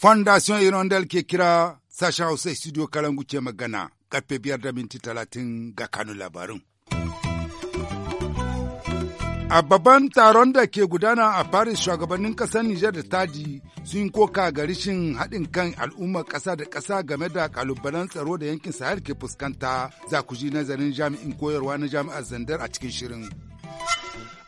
Fondation Hirondelle ke kira sashen Hausa studio Kalangu ce magana. Karfe biyar da minti talatin ga A babban taron da ke gudana a Paris shugabannin kasar Nijar da Tadi sun koka ga rishin haɗin kan al'ummar ƙasa da ƙasa game da ƙalubalen tsaro da yankin Sahel ke fuskanta za ku ji nazarin jami'in koyarwa na jami'ar Zandar a cikin shirin.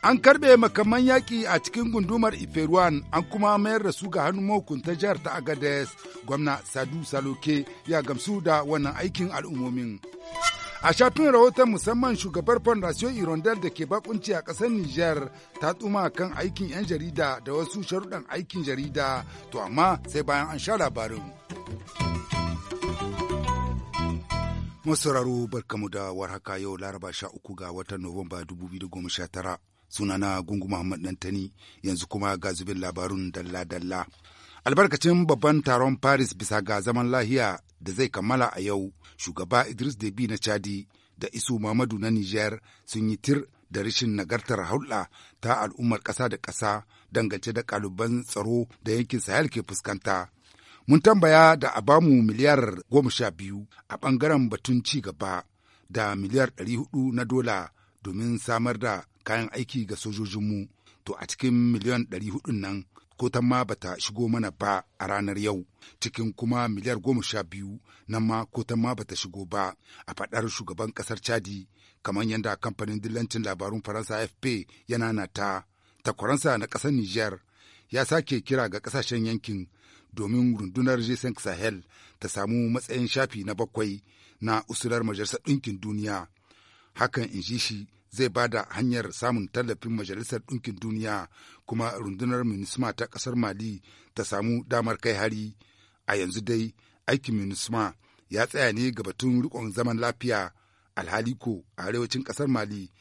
An karɓe makaman yaƙi a cikin gundumar Iferuwan an kuma mayar da su ga hannun mahukunta jihar ta Agades, gwamna Sadu Saloke ya gamsu da wannan aikin al'ummomin. A shafin rahoton musamman shugabar Fondation Irondel da ke bakunci a ƙasar Nijar ta tsuma kan aikin 'yan jarida da wasu sharuɗan aikin jarida, to amma sai bayan an sha labarin. Masauraro barkamu da warhaka yau Laraba sha uku ga watan Nuwamba 2019 sunana Gungu Muhammad Dantani yanzu kuma ga zubin labarun dalla-dalla. albarkacin babban taron paris bisa ga zaman lahiya da zai kammala a yau shugaba idris debi na chadi da isu mamadu na niger sun yi tir da rashin nagartar hulɗa ta al'ummar ƙasa da ƙasa dangance da ƙaluban tsaro da yankin sahel ke fuskanta mun tambaya da a bamu miliyar goma sha biyu a ɓangaren batun ci gaba da miliyar ɗari hudu na dola domin samar da kayan aiki ga sojojinmu to a cikin miliyan ɗari hudun nan ko ta ma bata shigo mana ba a ranar yau cikin kuma miliyar goma sha biyu nan ma ko ta ma bata shigo ba a faɗar shugaban ƙasar chadi kamar yadda kamfanin dillancin labarun faransa fp yana ta takwaransa na ƙasar niger ya sake kira ga ƙasashen yankin domin rundunar jason sahel ta samu matsayin shafi na bakwai na usular majalisar ɗinkin duniya hakan in ji shi zai ba da hanyar samun tallafin Majalisar Ɗinkin Duniya kuma rundunar MINISMA ta ƙasar Mali ta samu damar kai hari. A yanzu dai aikin MINISMA ya tsaya ne ga batun riƙon zaman lafiya alhali ko a arewacin ƙasar Mali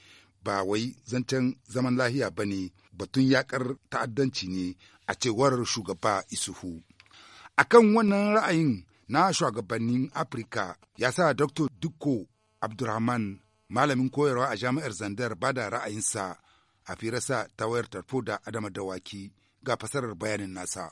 ba wai zancen zaman lafiya ba ne batun yaƙar ta'addanci ne a cewar shugaba Isuhu. Akan wannan ra'ayin na shugabannin Afirka ya sa Dr. Dukko Abdulrahman malamin koyarwa a jami'ar Zandar ba da ra'ayinsa a firarsa ta wayar tarfo da Adama Dawaki. ga fasarar bayanin nasa.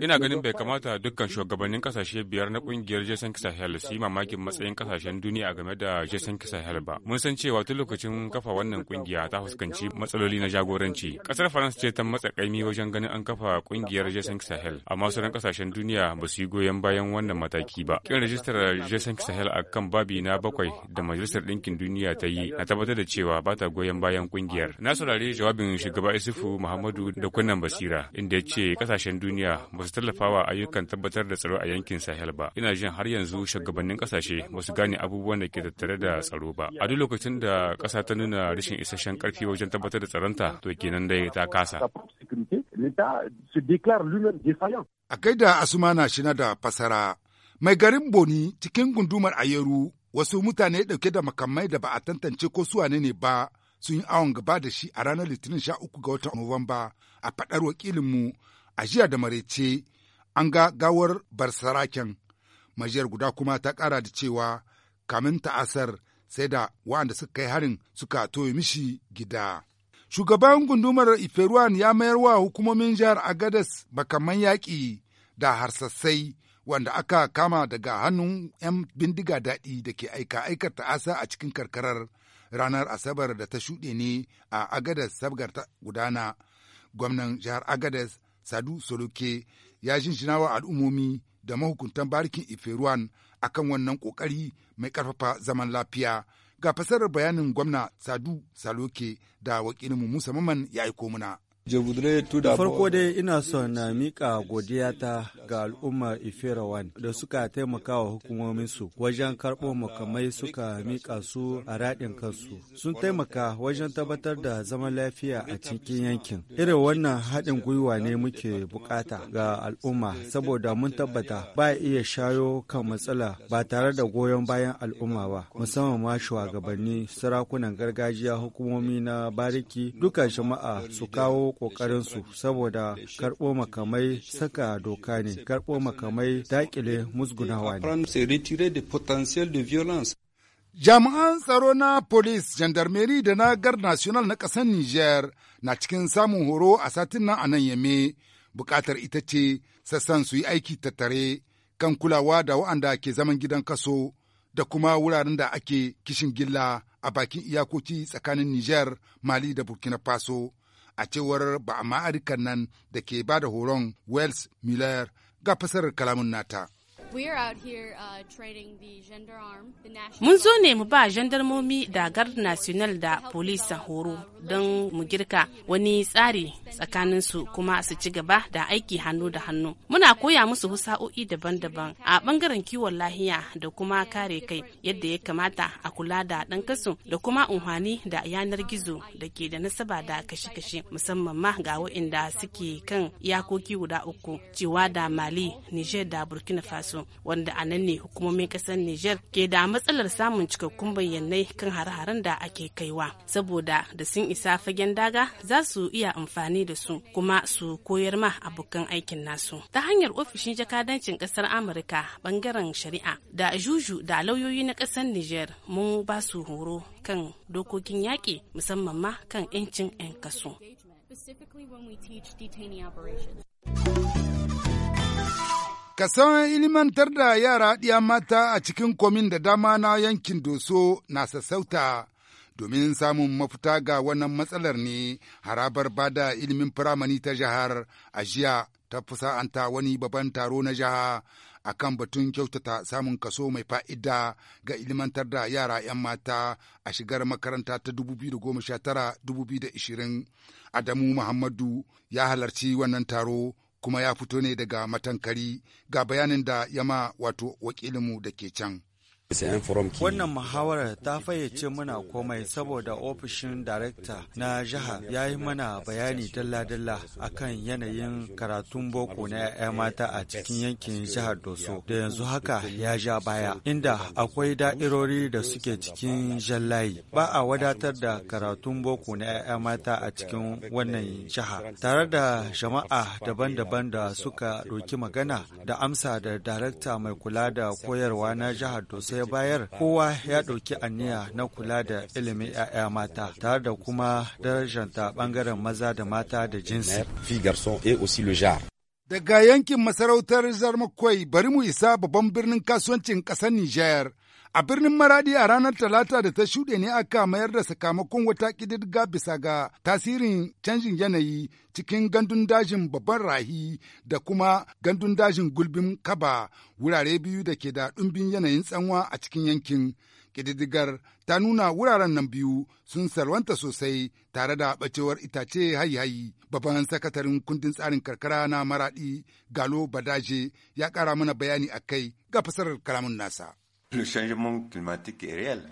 Ina ganin bai kamata dukkan shugabannin kasashe biyar na kungiyar Jason Sahel su yi mamakin matsayin kasashen duniya game da Jason Sahel ba. Mun san cewa tun lokacin kafa wannan kungiya ta fuskanci matsaloli na jagoranci. Kasar faransa ce ta matsa kaimi wajen ganin an kafa kungiyar Jason Sahel, amma sauran kasashen duniya ba su yi goyon bayan wannan mataki ba. Kin rajistar Jason Sahel a kan babi na bakwai da Majalisar Ɗinkin Duniya ta yi na tabbatar da cewa ba ta goyon bayan kungiyar. Na saurari jawabin shugaba Isufu Muhammadu da kunnan basira inda ya ce kasashen duniya ba su tallafawa ayyukan tabbatar da tsaro a yankin Sahel ba. Ina jin har yanzu shugabannin kasashe ba su gane abubuwan da ke tattare da tsaro ba. A duk lokacin da kasa ta nuna rashin isasshen ƙarfi wajen tabbatar da tsaronta to kenan dai ta kasa. A kai da Asumana Shina da fasara, mai garin Boni cikin gundumar Ayeru wasu mutane dauke da makamai da ba a tantance ko su ne ba sun yi awon gaba da shi a ranar litinin sha uku ga watan Nuwamba a faɗar wakilinmu a jiya da marece an ga gawar barsaraken majiyar guda kuma ta kara da cewa kamin ta'asar sai da waɗanda suka kai harin suka toye mishi gida. Shugaban gundumar iferuan ya mayar wa hukumomin jihar Agadas makaman yaƙi da harsassai wanda aka kama daga hannun 'yan bindiga daɗi da ke aika aikar ta'asa a cikin karkarar ranar Asabar da ta shuɗe ne a Agadas sabgar ta gudana. Gwamnan jihar Agadas Sadu Soloke ya wa al'ummomi da mahukuntan barikin Iferuwan akan wannan ƙoƙari mai ƙarfafa zaman lafiya. Ga fasarar bayanin gwamna Sadu Saloke da wakilinmu Musa Maman ya aiko muna. da farko dai ina son na mika godiyata ga al'ummar ifirawan da suka taimaka wa hukumominsu wajen karɓo makamai suka mika su a raɗin kansu sun taimaka wajen tabbatar da zaman lafiya a cikin yankin irin wannan haɗin gwiwa ne muke buƙata ga al'umma saboda mun tabbata ba iya shayo kan matsala ba tare da goyon bayan al'umma ba musamman ma shugabanni sarakunan gargajiya hukumomi na bariki duka jama'a su kawo su saboda karɓo makamai saka doka ne, karɓo makamai dakile musgunawa ne. Jami'an tsaro na polis, gendarmerie da na gar national na ƙasar niger na cikin samun horo a satin nan a nan yame, bukatar ita ce sassan su yi aiki tattare kan kulawa da wa'anda ke zaman gidan kaso da kuma wuraren da ake kishin gilla a bakin iyakoki tsakanin niger Mali da Burkina Faso. a cewar ba ma'arikan nan da ke ba da horon Wells Miller ga fasarar kalamun nata. Uh, Mun zo ne mu ba gendarmomi da gard national da polisa horo don mu girka wani tsari tsakanin su kuma su ci gaba da aiki hannu da hannu muna koya musu husa'o'i daban-daban a bangaren kiwon lahiya da kuma kare kai yadda ya kamata a kula da ɗan kasu da kuma unhani da yanar gizo da ke da nasaba da kashe-kashe musamman ma ga waɗanda suke kan iyakoki guda uku cewa da mali niger da burkina faso wanda a nan ne hukumomin ƙasar niger ke da matsalar samun cikakkun bayyanai kan hare-haren da ake kaiwa saboda da sun isa fagen daga za su iya amfani da su kuma su koyar ma abokan aikin nasu ta hanyar ofishin jakadancin ƙasar amurka bangaren shari'a da juju da lauyoyi na ƙasar niger mun ba su horo kan dokokin yaƙi musamman ma kan 'yancin 'yan kaso Kasan ilimantar da yara ɗiya mata a cikin komin da dama na yankin doso na sassauta domin samun mafita ga wannan matsalar ne harabar bada ilimin firamani ta jihar a jiya ta fusa'anta wani babban taro na jiha a kan batun kyautata samun kaso mai fa'ida ga ilimantar da yara 'yan mata a shigar makaranta ta 2019-2020 adamu muhammadu ya halarci wannan taro kuma ya fito ne daga matankari ga bayanin da yama wato wakilinmu da ke can. Wannan muhawarar ta fayyace mana komai saboda ofishin darekta na jiha ya yi mana bayani dalla-dalla akan yanayin karatun boko na 'ya'ya mata a cikin yankin jihar Doso da yanzu haka ya ja baya inda akwai da'irori da suke cikin jallayi ba a wadatar da karatun boko na 'ya'ya mata a cikin wannan jiha tare da jama'a daban-daban da suka ɗauki magana da amsa da darekta mai kula da koyarwa na jihar Doso ya bayar kowa ya ɗauki aniya na kula da ilimin 'ya'ya mata tare da kuma darajanta bangaren maza da mata da jinsi. Daga yankin masarautar Zarmakwai bari mu isa babban birnin kasuwancin ƙasar Nijar. A birnin Maradi a ranar Talata da ta shuɗe ne aka mayar da sakamakon wata ƙididdiga bisa ga tasirin canjin yanayi cikin gandun dajin babban rahi da kuma gandun dajin gulbin kaba wurare biyu da ke da ɗumbin yanayin tsanwa a cikin yankin. Ƙididdigar ta nuna wuraren nan biyu sun salwanta sosai tare da ɓacewar itace hayi Babban sakatarin kundin tsarin karkara na Maradi Galo Badaje ya ƙara mana bayani a kai ga fasarar kalamun nasa.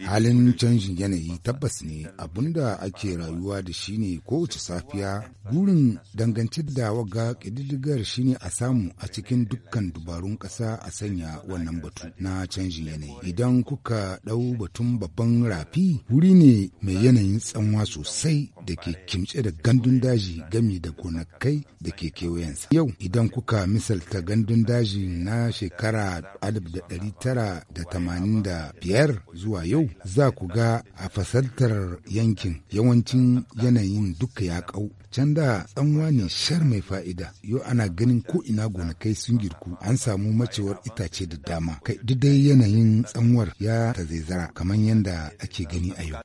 Halin canjin yanayi tabbas ne abinda ake rayuwa da shi ne kowace safiya gurin dangance da waga ƙididdigar shi ne a samu a cikin dukkan dubarun ƙasa a sanya wannan batu na canjin yanayi. Idan kuka ɗau batun babban rafi wuri ne mai yanayin tsanwa sosai da ke kimce da gandun daji gami da gonakai da ke kewayensa. Yau idan kuka misalta gandun daji na shekara 1980 85 zuwa yau za ku ga a fasaltar yankin yawancin yanayin duka ya kau can da tsanwa ne shar mai fa'ida yau ana ganin ko ina gonakai sun girku an samu macewar itace da dama kai dai yanayin tsanwar ya ta zara kamar yadda ake gani a yau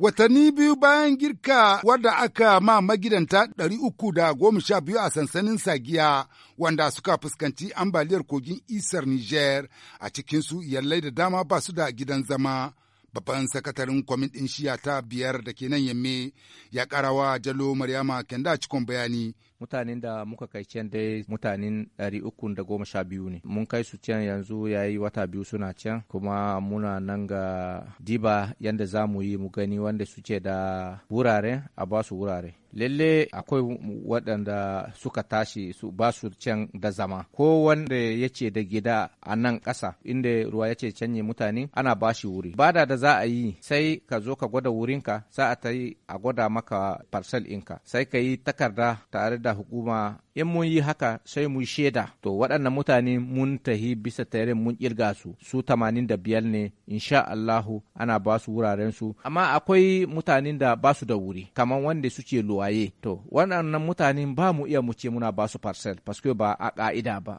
Watanni biyu bayan girka wadda aka ma magidanta ɗari uku da goma sha biyu a sansanin Sagiya wanda suka fuskanci ambaliyar kogin isar Niger a cikinsu iyalai da dama ba su da gidan zama. Babban sakataren kwamitin shiya ta biyar da ke nan yamme ya karawa Jalo Maryama Kenda cikon bayani. mutanen da muka kai can dai mutanen ɗari uku da goma sha biyu ne mun kai su can yanzu ya yi wata biyu suna can kuma muna nan ga diba yadda za mu yi mu gani wanda suke da wurare a ba su wurare lalle akwai waɗanda suka tashi su ba su can da zama ko wanda ya ce da gida a nan ƙasa inda ruwa ya ce canye mutane ana ba shi wuri bada da za a yi sai ka zo ka gwada wurinka sa'a a ta yi a gwada maka parcel ɗinka sai ka yi takarda tare da da hukuma in mun yi haka sai mu shaida to waɗannan mutane mun tahi bisa tare mun kirga su su 85 ne insha Allahu ana ba su wuraren su amma akwai mutanen da ba su da wuri kamar wanda suke luwaye to waɗannan mutane ba mu iya mu ce muna ba su parcel paske ba a ka'ida ba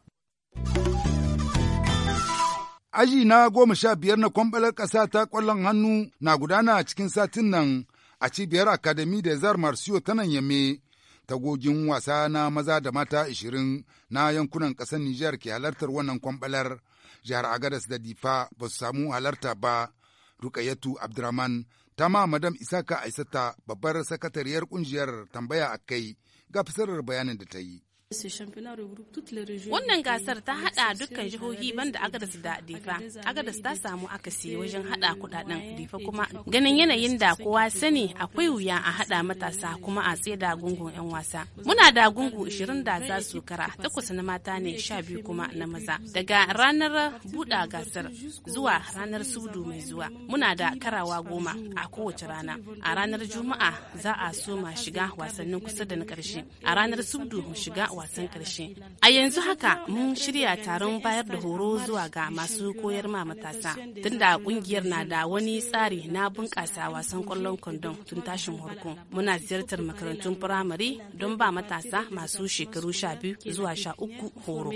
Aji na goma sha biyar na kwambalar ƙasa ta ƙwallon hannu na gudana a cikin satin nan a cibiyar Akademi da Zar Marsiyo ta nan Yame tagogin wasa na maza da mata 20 na yankunan ƙasar Nijar ke halartar wannan kwambalar jihar Agadas da Difa ba su samu halarta ba. Rukayatu Abdurrahman ta ma Madam Isaka Aisata babbar sakatariyar kungiyar tambaya a kai ga fasarar bayanin da ta yi. Wannan gasar ta hada dukkan jihohi banda Agadas da Difa. Agadas ta samu akasi wajen hada kudaden Difa kuma ganin yanayin da kowa sani akwai wuya a hada matasa kuma a tsaye da gungun 'yan wasa. Muna da gungu 20 da za su kara, takwas na mata ne 12 kuma na maza. Daga ranar buɗa gasar zuwa ranar sudu mai zuwa. Muna da karawa goma a kowace rana. A ranar Juma'a za a soma shiga wasannin kusa da na ƙarshe. A ranar sudu shiga wasan ƙarshe. A yanzu haka mun shirya taron bayar da horo zuwa ga masu koyar ma matasa. Tunda kungiyar na da wani tsari na bunƙasa wasan kwallon kwandon tun tashin harko. Muna ziyartar makarantun firamare don ba matasa masu shekaru sha biyu zuwa sha uku horo.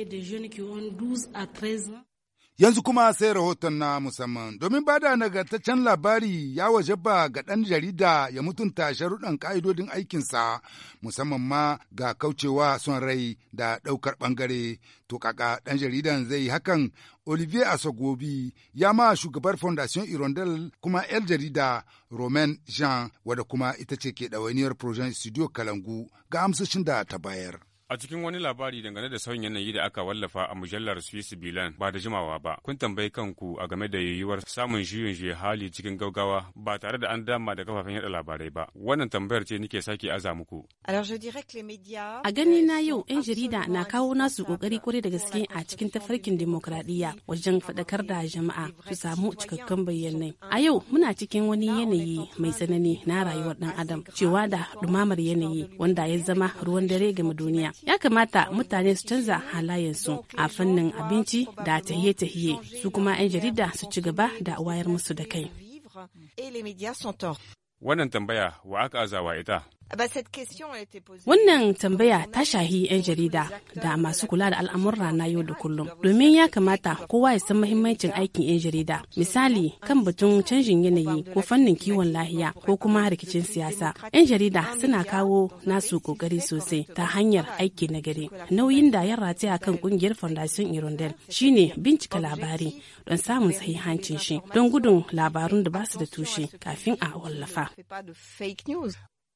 Yanzu kuma sai rahoton na musamman domin ba da nagartaccen labari ya waje ba ga ɗan jarida ya mutunta sharuɗan ƙa'idodin aikinsa musamman ma ga kaucewa son rai da ɗaukar ɓangare. To kaka ɗan jaridan zai yi hakan Olivier Asogobi ya ma shugabar Fondation Irondel kuma 'yar jarida Romain Jean wadda kuma ita ce ke ɗawainiyar Projet Studio Kalangu ga amsoshin da ta bayar. A cikin wani labari dangane da sauyin yanayi da aka wallafa a mujallar Swiss Bilan ba da jimawa ba, kun tambayi kanku a game da yiwuwar samun juyin hali cikin gaugawa ba tare da an dama da kafafen yada labarai ba. Wannan tambayar ce nike sake aza muku. A gani na yau 'yan euh, jarida na kawo nasu kokari kwarai da gaske a cikin tafarkin demokradiyya wajen faɗakar da jama'a su samu cikakkun bayyanai A yau muna cikin wani yanayi mai tsanani na rayuwar euh, ɗan adam cewa da ɗumamar yanayi wanda ya zama ruwan dare game duniya. ya kamata mutane su canza halayensu a fannin abinci da tahiye-tahiye su kuma 'yan jarida su ci gaba da wayar musu da kai. Wannan tambaya wa aka azawa ita Wannan tambaya ta shahi 'yan jarida da masu kula da al'amurra na yau da kullum. Domin ya kamata kowa ya san mahimmancin aikin 'yan jarida. Misali kan batun canjin yanayi ko fannin kiwon lahiya ko kuma rikicin siyasa. 'Yan jarida suna kawo nasu kokari sosai ta hanyar aiki na gari. Nauyin da ya rataya kan kungiyar Fondation Irondel ne bincika labari don samun sahihancin shi don gudun labarun da ba su da tushe kafin a wallafa.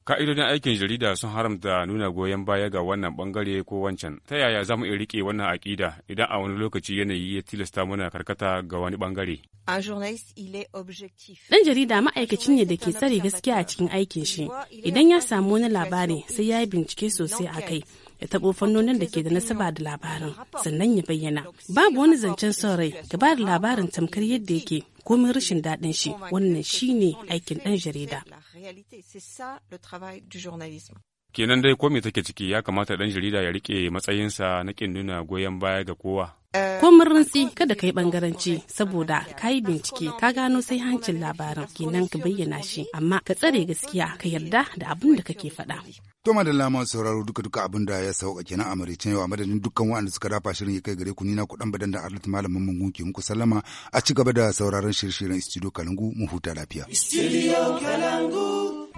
Ka'idodin aikin jarida sun haramta nuna goyon baya ga wannan bangare ko wancan. Ta yaya za mu iya rike wannan aƙida idan a wani lokaci yanayi ya tilasta muna karkata ga wani bangare? dan jarida ma'aikacin ne da ke tsare gaskiya a cikin aikin shi. Idan ya samu wani labari sai ya yi bincike sosai a kai. ya taɓo fannonin da ke da nasaba da labarin sannan ya bayyana babu wani zancen son rai gaba da labarin tamkar yadda yake komin rashin daɗin shi wannan shine aikin dan jarida C'est ça le travail du journalisme. kenan dai ko me take ciki ya kamata dan jarida ya rike matsayinsa na kin nuna goyon baya ga kowa euh, ko murrinsi kada ka bangaranci saboda ka yi bincike ka gano sai hancin labarin kenan ka bayyana shi amma ka tsare gaskiya ka yarda da abin da kake faɗa. to madalla ma sauraro duka duka abin da ya sauka kenan a maraicen yau madadin dukkan wanda suka dafa shirin ya kai gare ku ni na kuɗan badan da arlit malamin mun ke muku sallama a ci gaba da sauraron shirye-shiryen studio kalangu mu huta lafiya. studio kalangu.